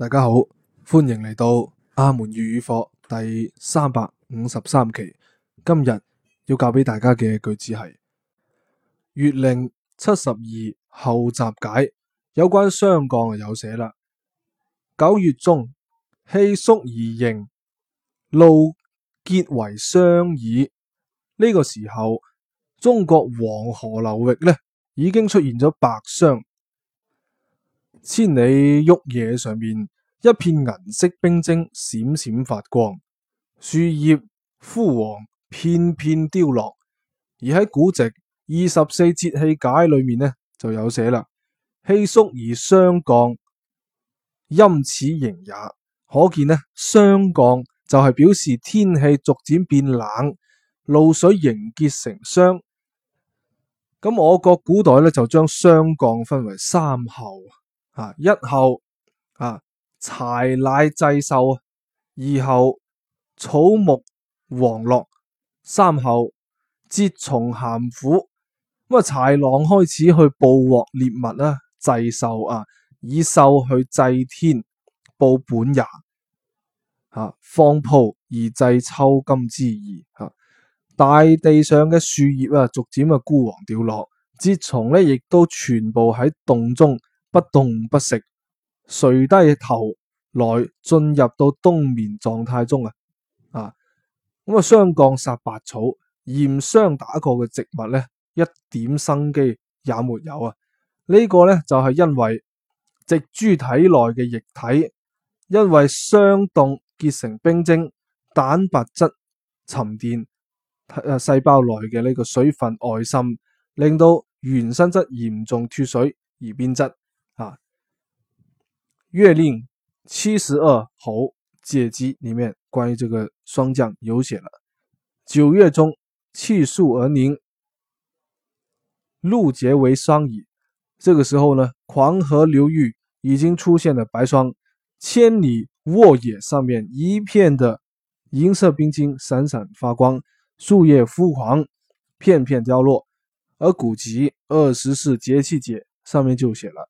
大家好，歡迎嚟到阿門粵語課第三百五十三期。今日要教俾大家嘅句子係《月令七十二候集解》，有關霜降啊有寫啦。九月中，氣肅而凝，露結為霜矣。呢個時候，中國黃河流域咧已經出現咗白霜。千里沃野上面，一片銀色冰晶閃閃發光，樹葉枯黃，片片凋落。而喺古籍《二十四節氣解》裏面呢就有寫啦，氣肅而霜降，陰始凝也。可見呢，霜降就係表示天氣逐漸變冷，露水凝結成霜。咁我國古代呢就將霜降分為三候。啊！一候啊，豺乃祭獸；二候草木黃落；三候蟄蟲咸俯。咁啊，豺狼開始去捕獲獵物啦，祭獸啊，以獸去祭天，報本也。吓、啊，方鋪而祭秋金之儀。吓、啊，大地上嘅樹葉啊，逐漸嘅枯黃掉落，蟄蟲咧亦都全部喺洞中。不動不食，垂低頭來進入到冬眠狀態中啊！啊，咁啊，霜降殺白草，嚴霜打過嘅植物咧，一點生機也沒有啊！這個、呢個咧就係、是、因為植株體內嘅液體因為霜凍結成冰晶，蛋白質沉澱，誒，細胞內嘅呢個水分外滲，令到原生質嚴重脱水而變質。啊，《月令七十二候集解》裏面關於這個霜降有寫了，九月中氣肅而凝，露結為霜矣。這個時候呢，黃河流域已經出現了白霜，千里沃野上面一片的銀色冰晶閃閃發光，樹葉枯黃，片片凋落。而古籍《二十四節氣解》上面就寫了。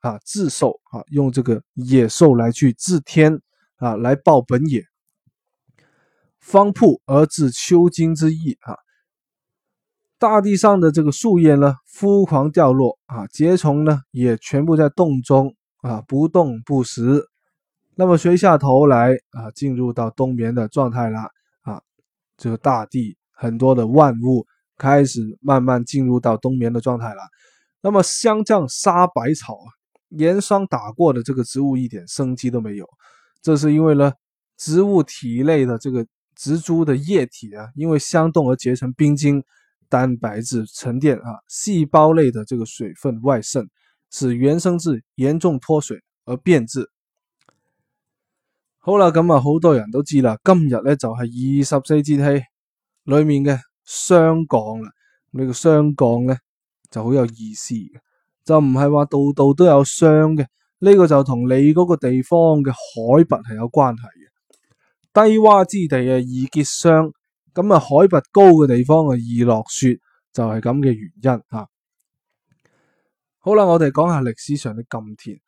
啊，自獸啊，用這個野獸來去自天啊，來報本也。方鋪而至秋金之義啊，大地上的這個樹葉呢，瘋狂掉落啊，蟄蟲呢也全部在洞中啊不動不食，那麼垂下頭來啊，進入到冬眠的狀態了啊，這個大地很多的萬物開始慢慢進入到冬眠的狀態了，那麼霜降殺百草。啊。嚴霜打過的這個植物一點生機都沒有，這是因為呢，植物體內的這個植株的液體啊，因為霜凍而結成冰晶，蛋白質沉澱啊，細胞內的這個水分外滲，使原生質嚴重脱水而變質好。好啦，啊，咁啊，好多人都知啦，今日咧就係二十四節氣裏面嘅霜降啦，這個，霜呢個霜降咧就好有意思。就唔係話度度都有霜嘅，呢個就同你嗰個地方嘅海拔係有關係嘅。低洼之地啊，易結霜；咁啊，海拔高嘅地方啊，易落雪，就係咁嘅原因吓、啊。好啦，我哋講下歷史上嘅今天。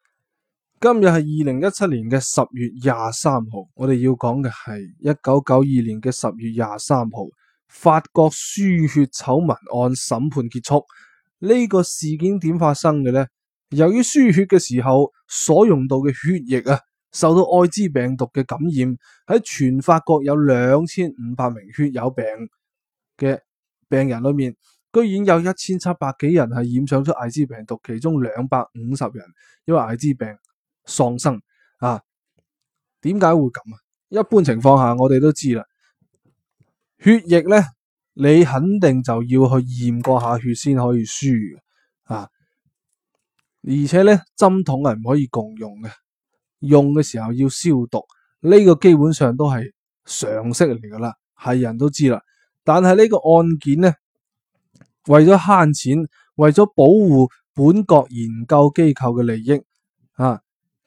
今日係二零一七年嘅十月廿三號，我哋要講嘅係一九九二年嘅十月廿三號，法國輸血醜聞案審判結束。呢個事件點發生嘅呢？由於輸血嘅時候所用到嘅血液啊，受到艾滋病毒嘅感染，喺全法國有兩千五百名血友病嘅病人裏面，居然有一千七百幾人係染上咗艾滋病毒，其中兩百五十人因為艾滋病喪生啊！點解會咁啊？一般情況下，我哋都知啦，血液呢。你肯定就要去驗過下血先可以輸啊！而且咧針筒係唔可以共用嘅，用嘅時候要消毒，呢個基本上都係常識嚟噶啦，係人都知啦。但係呢個案件呢，為咗慳錢，為咗保護本國研究機構嘅利益，啊，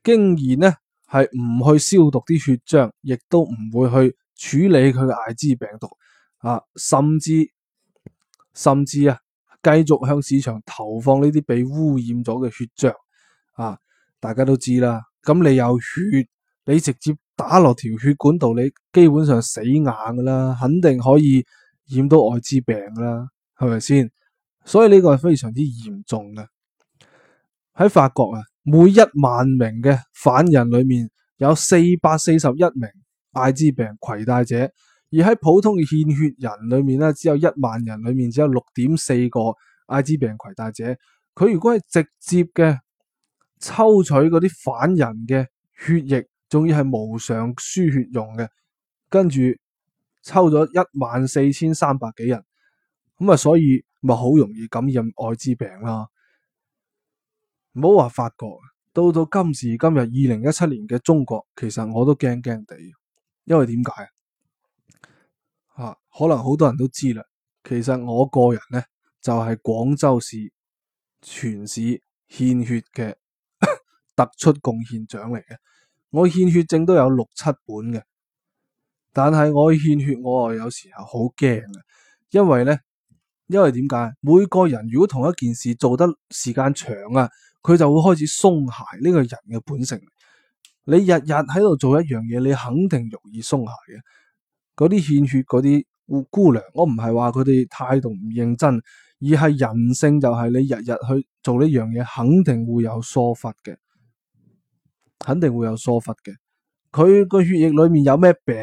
竟然呢係唔去消毒啲血漿，亦都唔會去處理佢嘅艾滋病毒。啊，甚至甚至啊，繼續向市場投放，呢啲被污染咗嘅血漿啊，大家都知啦。咁你有血，你直接打落條血管度，你基本上死硬噶啦，肯定可以染到艾滋病啦，係咪先？所以呢個係非常之嚴重嘅。喺法國啊，每一萬名嘅犯人裏面有四百四十一名艾滋病攜帶者。而喺普通嘅獻血人裏面咧，只有一萬人裏面只有六點四個艾滋病攜帶者。佢如果係直接嘅抽取嗰啲犯人嘅血液，仲要係無償輸血用嘅，跟住抽咗一萬四千三百幾人，咁啊，所以咪好容易感染艾滋病啦，啊。唔好話法國，到到今時今日，二零一七年嘅中國，其實我都驚驚地，因為點解？可能好多人都知啦，其實我個人呢，就係廣州市全市獻血嘅突 出貢獻獎嚟嘅，我獻血證都有六七本嘅，但係我獻血我又有時候好驚嘅，因為呢，因為點解？每個人如果同一件事做得時間長啊，佢就會開始鬆懈呢個人嘅本性。你日日喺度做一樣嘢，你肯定容易鬆懈嘅。嗰啲獻血嗰啲。姑娘，我唔係話佢哋態度唔認真，而係人性就係你日日去做呢樣嘢，肯定會有疏忽嘅，肯定會有疏忽嘅。佢個血液裏面有咩病，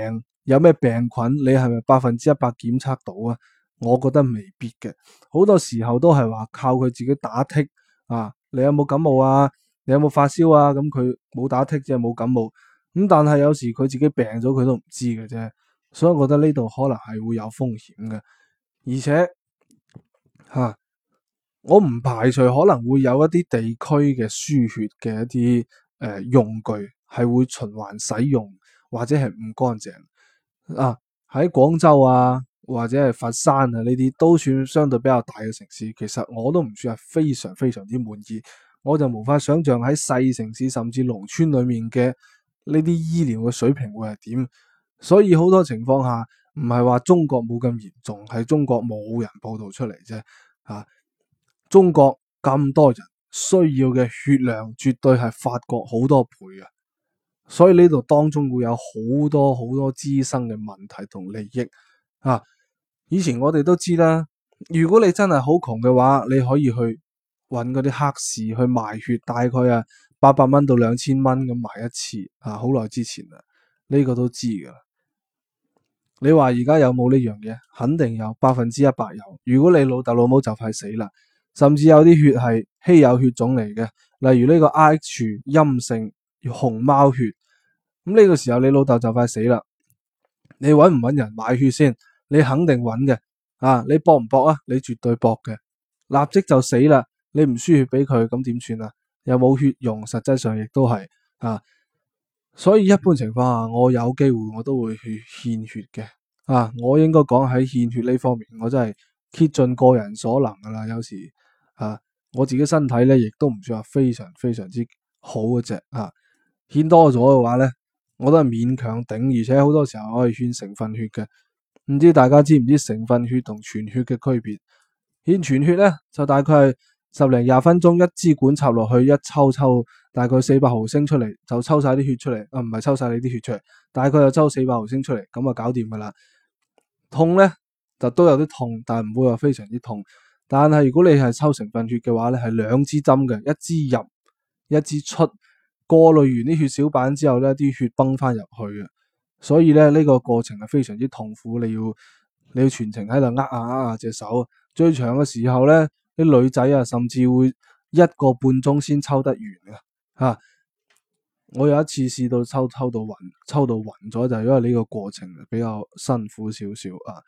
有咩病菌，你係咪百分之一百檢測到啊？我覺得未必嘅，好多時候都係話靠佢自己打剔啊，你有冇感冒啊？你有冇發燒啊？咁佢冇打剔即係冇感冒，咁、嗯、但係有時佢自己病咗佢都唔知嘅啫。所以我覺得呢度可能係會有風險嘅，而且嚇，我唔排除可能會有一啲地區嘅輸血嘅一啲誒、呃、用具係會循環使用或者係唔乾淨啊！喺廣州啊，或者係佛山啊呢啲都算相對比較大嘅城市，其實我都唔算係非常非常之滿意，我就無法想象喺細城市甚至農村裡面嘅呢啲醫療嘅水平會係點。所以好多情況下唔係話中國冇咁嚴重，係中國冇人報道出嚟啫。啊，中國咁多人需要嘅血量絕對係法國好多倍嘅，所以呢度當中會有好多好多滋生嘅問題同利益。啊，以前我哋都知啦，如果你真係好窮嘅話，你可以去揾嗰啲黑市去賣血，大概啊八百蚊到兩千蚊咁賣一次。啊，好耐之前啦，呢個都知噶喇。你話而家有冇呢樣嘢？肯定有，百分之一百有。如果你老豆老母就快死啦，甚至有啲血係稀有血種嚟嘅，例如呢個 R H 陰性熊貓血，咁、這、呢個時候你老豆就快死啦。你搵唔搵人買血先？你肯定搵嘅，啊，你搏唔搏啊？你絕對搏嘅，立即就死啦。你唔輸血俾佢，咁點算啊？有冇血用，實際上亦都係啊。所以一般情況下，我有機會我都會去獻血嘅。啊！我應該講喺獻血呢方面，我真係竭盡個人所能噶啦。有時啊，我自己身體咧，亦都唔算話非常非常之好嘅只啊。獻多咗嘅話咧，我都係勉強頂。而且好多時候可以獻成分血嘅，唔知大家知唔知成分血同全血嘅區別？獻全血咧，就大概係十零廿分鐘，一支管插落去，一抽一抽大概四百毫升出嚟，就抽晒啲血出嚟。啊，唔係抽晒你啲血出嚟，大概就抽四百毫升出嚟，咁啊搞掂噶啦。痛咧就都有啲痛，但係唔會話非常之痛。但係如果你係抽成份血嘅話咧，係兩支針嘅，一支入，一支出，過濾完啲血小板之後咧，啲血崩翻入去嘅。所以咧呢個過程係非常之痛苦，你要你要全程喺度握下握下隻手。最長嘅時候咧，啲女仔啊，甚至會一個半鐘先抽得完嘅，吓、啊。我有一次試到抽抽到暈，抽到暈咗就係、是、因為呢個過程比較辛苦少少啊，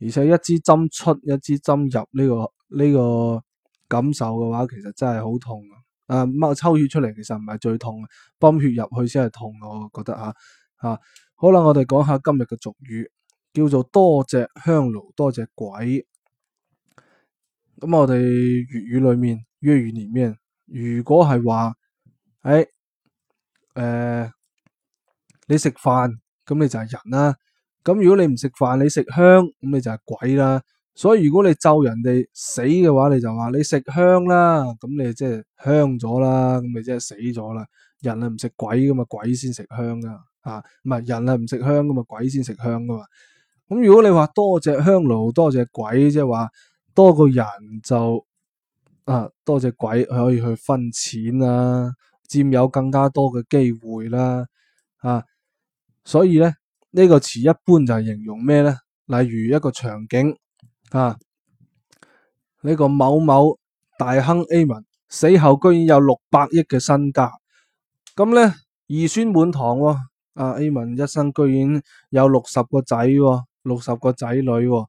而且一支針出一支針入呢、呢個呢、呢個感受嘅話，其實真係好痛啊！啊，抽血出嚟其實唔係最痛，泵血入去先係痛，我覺得吓吓、啊。好啦，我哋講下今日嘅俗語，叫做多隻香爐多隻鬼。咁我哋粵語裏面、粵語裏面，如果係話，誒、哎。誒、呃，你食飯，咁你就係人啦、啊。咁如果你唔食飯，你食香咁你就係鬼啦。所以如果你咒人哋死嘅話，你就話你食香啦。咁你即係香咗啦，咁你即係死咗啦。人係唔食鬼噶嘛，鬼先食香噶。啊，唔係人係唔食香噶嘛，鬼先食香噶。咁如果你多多話多隻香爐多隻鬼，即係話多個人就啊多隻鬼可以去分錢啦、啊。佔有更加多嘅機會啦，啊，所以咧呢、這個詞一般就係形容咩咧？例如一個場景，啊，呢、這個某某大亨阿門死後居然有六百億嘅身家，咁咧兒孫滿堂、哦、啊阿門一生居然有六十個仔、哦，六十個仔女喎、哦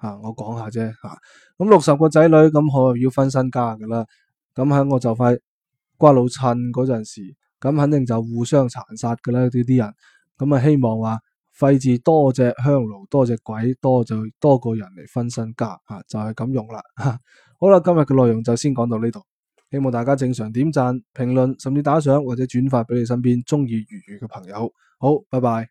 啊，我講下啫，嚇、啊，咁六十個仔女咁佢又要分身家㗎啦，咁喺我就快。瓜老襯嗰陣時，咁肯定就互相殘殺㗎啦！呢啲人，咁啊希望話費置多隻香爐，多隻鬼，多就多個人嚟分身家啊！就係、是、咁用啦。 好啦，今日嘅內容就先講到呢度，希望大家正常點讚、評論，甚至打賞或者轉發俾你身邊中意粵語嘅朋友。好，拜拜。